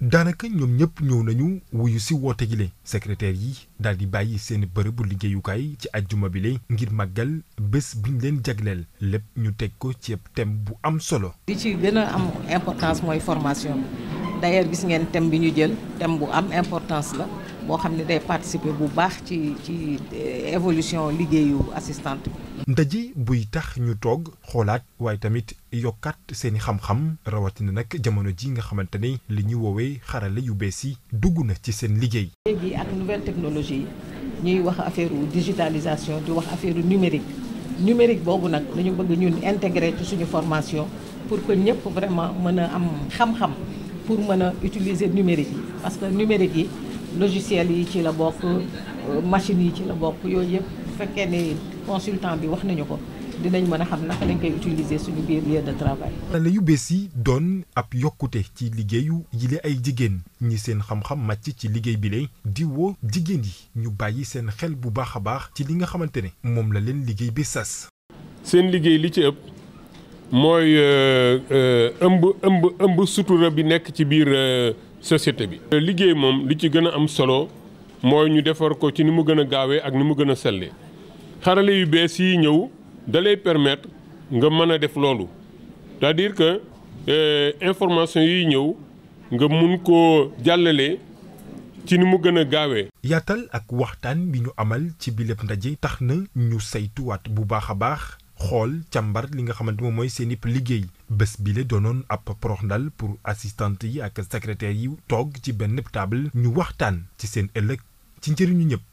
daanaka ñoom ñëpp ñëw nañu wuyu si woote gi le secrétaire yi daal di bàyyi seen bërëbu liggéeyukaay ci ajjuma bi le ngir màggal bés biñ leen jagleel lépp ñu teg ko ci thème bu am solo. li ci gën am importance mooy formation bi d'ailleurs gis ngeen thème bi ñu jël tem bu am importance la boo xam ne day participer bu baax ci ci euh, évolution liggéeyu assistante ndaje buy tax ñu toog xoolaat waaye tamit yokkat seeni xam-xam rawatina nag jamono ji nga xamante ni li ñuy woowee xarale yu bees yi dugg na ci seen liggéey. léegi ak nouvelle technologie ñuy wax affaire digitalisation di wax affaire numérique numérique boobu nag dañu bëgg ñun intégrer ci suñu formation pour que ñëpp vraiment mën a am xam-xam pour mën a utiliser numérique yi parce que numérique yi logiciel yi ci la bokk euh, machine yi ci la bokk yooyu yëpp. bu fekkee ni consultant bi wax nañu ko dinañ mën a xam naka lañ koy utiliser suñu biir lieu de travail. la yu bees yi doon ab yokkute ci liggéeyu yile ay jigéen ñi seen xam-xam màcc ci liggéey bi lay di jigéen yi ñu bàyyi seen xel bu baax a baax ci li nga xamante ne moom la leen liggéey bi sas. seen liggéey li ci ëpp mooy euh, euh, ëmb ëmb ëmb sutura bi nekk ci biir euh, société bi. liggéey moom li ci gën a am solo. mooy ñu defar ko ci ni mu gën a gaawee ak ni mu gën a selle xarale yu bees yiy ñëw da lay permettre nga mën a def loolu c'est-à-dire que euh, information yi ñëw nga mun koo jàllale ci ni mu gën a gaawee. yaatal ak waxtaan bi ñu amal ci biléb ndaje tax na ñu saytuwaat bu baax a baax xool càmbar li nga xamante moom mooy seen ip liggéey bés bile doonoon ab poroxndal pour assistant yi ak secrétaire yi toog ci benn table ñu waxtaan ci seen ëllëg. ci njëriñu ñëpp